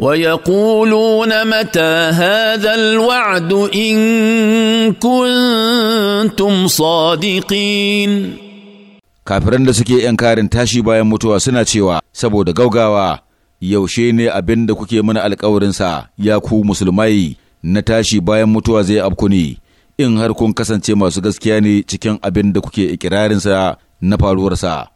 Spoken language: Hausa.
ويقولون متى هذا الوعد ان كنتم صادقين kafiran da suke inkarin tashi bayan mutuwa suna cewa saboda gaugawa yaushe ne abin da kuke mana alkawarinsa ya ku musulmai na tashi bayan mutuwa zai afku ne in har kun kasance masu gaskiya ne cikin abin da kuke ikirarinsa na faruwarsa